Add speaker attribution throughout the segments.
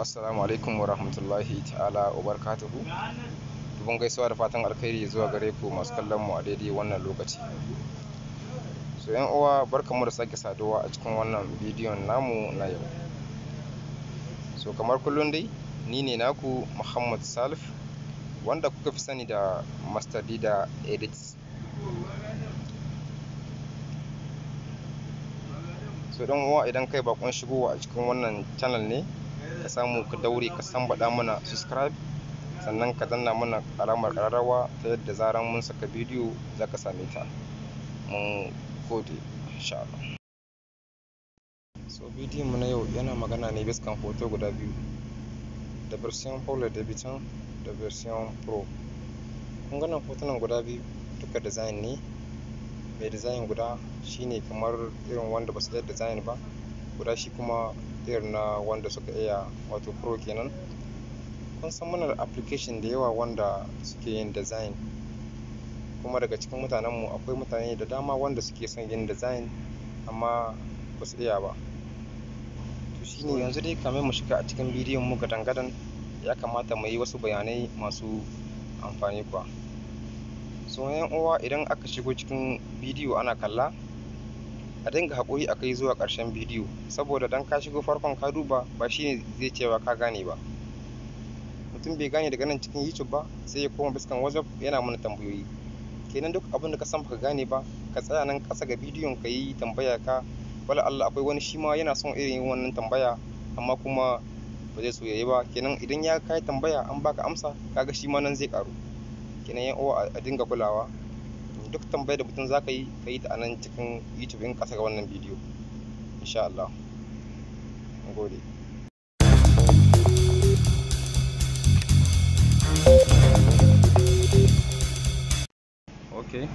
Speaker 1: assalamu alaikum wa rahmatullahi ta'ala wa barakatuhu. Dubun gaisuwa da fatan alkhairi zuwa gare ku masu kallon mu a daidai wannan lokaci. So yan uwa barkamu da sake saduwa a cikin wannan bidiyon namu na yau. So kamar kullum dai ni ne naku Muhammad Salif wanda kuka fi sani da Master Dida Edits. so ɗan uwa idan kai bakon shigowa a cikin wannan channel ne ka samu ka daure ka sambaɗa mana subscribe sannan ka danna mana alamar ƙararrawa ta yadda zaran mun saka bidiyo za ka same ta mun gode insha Allah so bidiyon mu na yau yana magana ne kan hoto guda biyu da version Paula Davidson da version Pro kun hotunan guda biyu duka design ne mai design guda shine kamar irin wanda ba su da design ba guda shi kuma irin na wanda suka iya wato pro kenan kun san muna da application da yawa wanda suke yin design kuma daga cikin mu akwai mutane da dama wanda suke son yin design amma ba su iya ba to shine yanzu dai kamar mu shiga a cikin bidiyon mu gadan-gadan ya kamata mu yi wasu bayanai masu amfani kuwa so yan uwa idan aka shigo cikin bidiyo ana kalla a dinga haƙuri a kai zuwa ƙarshen bidiyo saboda dan ka shigo farkon ka duba ba shine zai cewa ka gane ba mutum bai gane daga nan cikin youtube ba sai ya koma biskan whatsapp yana mana tambayoyi kenan duk abin da ka san baka gane ba ka tsaya nan ƙasa ga bidiyon ka yi tambaya ka wala Allah akwai wani shi ma yana son irin wannan tambaya amma kuma ba zai so yayi ba kenan idan ya kai tambaya an baka amsa kaga shi ma nan zai karu kenan yan uwa a dinga kulawa duk tambayar da mutum zaka yi ka yi ta a nan cikin youtube in ka ga wannan bidiyo insha Allah gode ok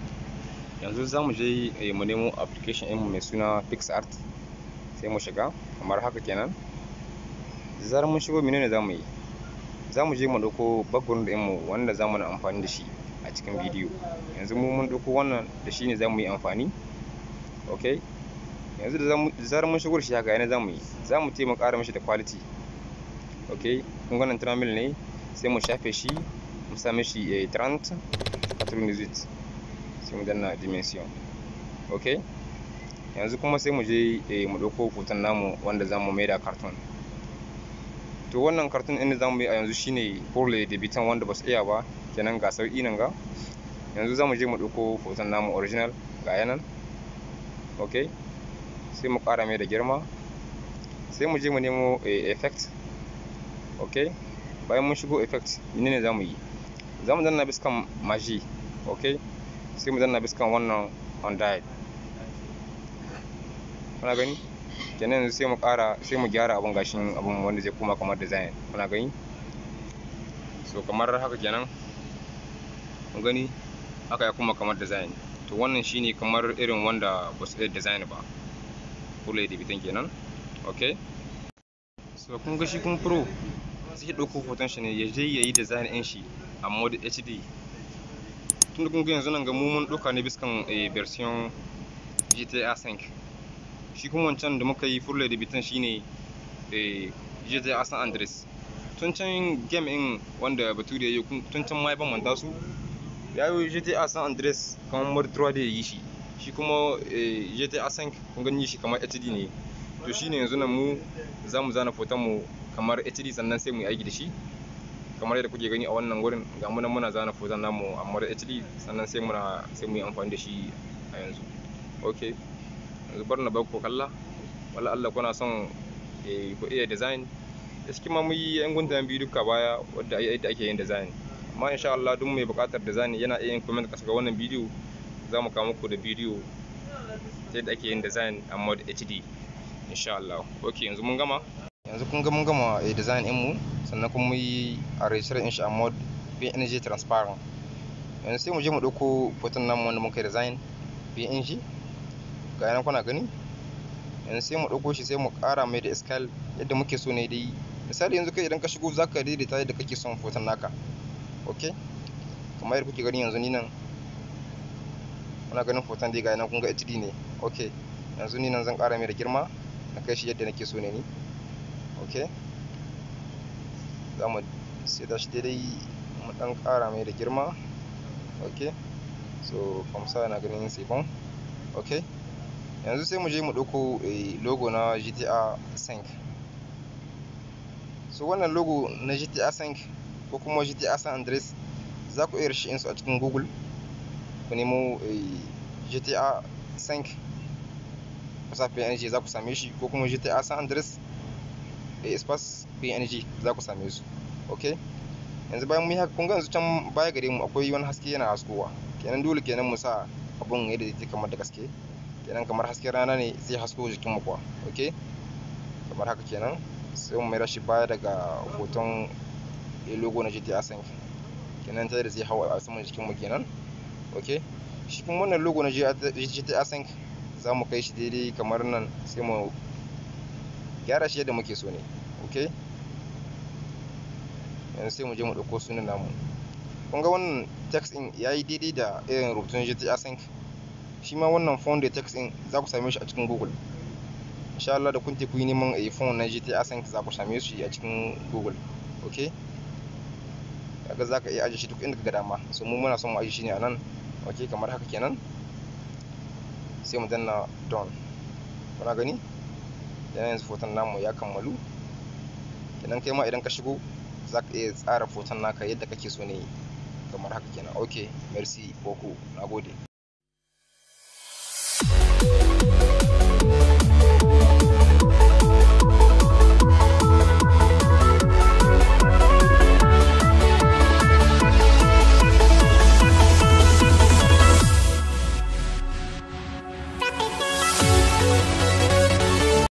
Speaker 1: yanzu za mu je eh, mu nemo application mu mai suna pixart sai mu shiga kamar haka kenan zar mun shigo menene za mu yi za mu je mu ɗauko background mu wanda za mu na amfani da shi a cikin bidiyo yanzu mu mun ɗauko wannan da shi ne za mu yi amfani ok yanzu da zarar mun shigo shi haka yana za mu yi za mu taimaka ƙara mishi da quality ok kun ganin tramil ne sai mu shafe shi mu sa mishi a eh, trant catronizit sai mu danna dimension ok yanzu kuma sai mu je eh, mu ɗauko hoton namu wanda za mu maida carton to wannan kartun ɗin za mu yi a yanzu shine forle da bitan wanda ba su iya ba kenan ga sauƙi nan ga yanzu za mu je mu ɗauko hoton namu original ga yanan ok sai mu ƙara mai da girma sai mu je mu nemo eh, effect ok bayan mun shigo effect ne ne za mu yi za mu danna biskan maji ok sai mu danna biskan wannan on diet gani kenan sai mu kara sai mu gyara abun gashin abun wanda zai koma kamar design kuna gani so kamar haka kenan kun gani haka ya koma kamar design to wannan shine kamar irin wanda ba su iya design ba kula da bitan kenan okay so kun ga shi kun pro sai ɗauko hoton shi ne ya je ya yi design ɗin shi a mode hd tun da kun ga yanzu nan ga mu mun ɗauka ne biskan eh, version gta 5 shi kuma wancan da muka yi furle da bitan shine eh jj asan andres tun can game in wanda bature ya yi tun can ma ban manta su ya yi jj asan andres kamar martura da ya yi shi shi kuma jj eh, asan kun gani shi kamar hd ne to shine yanzu nan mu za mu zana foton mu kamar hd sannan sai mu yi aiki da shi kamar yadda kuke gani a wannan gurin ga mu nan muna zana foton namu a mara hd sannan sai muna sai mu yi amfani da shi a yanzu okay bar na ku kalla wala Allah kuna son eh, ku iya design da cikin ma muyi yan gunta biyu duka baya wadda da ake yin design amma insha Allah duk mai buƙatar design yana iya yin comment kasa ga wannan bidiyo za mu kawo muku da bidiyo yadda ake yin design a mod HD insha Allah okay yanzu mun gama yanzu kun ga mun gama a eh, design din mu sannan kuma yi a in shi a mod png transparent yanzu sai mu je mu ɗauko hoton namu wanda muka design png. ga yanan kuna gani yanzu sai mu ɗauko shi sai mu ƙara mai da scale yadda muke so ne dai misali yanzu kai idan ka shigo za ka daidaita yadda kake son hoton naka ok kamar yadda kuke gani yanzu ni nan kuna ganin hoton dai ga yanan kun ga HD ne ok yanzu ni nan zan ƙara mai da girma na kai shi yadda nake so ne ni ok za mu sai da shi daidai mu ɗan ƙara mai da girma ok so kamsa na ganin sai bon ok yanzu sai mu je mu ɗauko eh, logo na gta 5 so wannan logo na gta sync ko kuma gta san andres za ku iya shi a cikin google ku nemo eh, gta 5 kusa png za ku same shi ko kuma gta san andres eh, space png za ku same su ok yanzu bayan mun yi haka kun ga yanzu can baya gare mu akwai wani haske yana haskowa kenan dole kenan mu sa abun yadda zai kamar da gaske kenan kamar hasken rana ne zai hasko jikin mu kuwa ok kamar haka kenan sai mu mai rashi baya daga hoton logo na GTA 5 kenan ta da zai hau a saman jikin mu kenan ok shi kuma wannan logo na GTA 5 za mu kai shi daidai kamar nan sai mu gyara shi yadda muke so ne ok yanzu sai mu je mu ɗauko sunan namu kun ga wannan text in ya yi daidai da irin rubutun GTA 5 shi ma wannan phone da text din za ku same shi a cikin google insha Allah da kun te yi neman a phone na GTA san za ku same shi a cikin google ok kaga za ka iya ajiye shi duk inda ga dama so mu muna son mu ajiye shi ne a nan ok kamar haka kenan sai mu danna don, kuna gani yana yanzu foton namu ya kammalu kenan kai ma idan ka shigo za ka iya tsara foton naka yadda kake so ne kamar haka kenan ok merci beaucoup gode.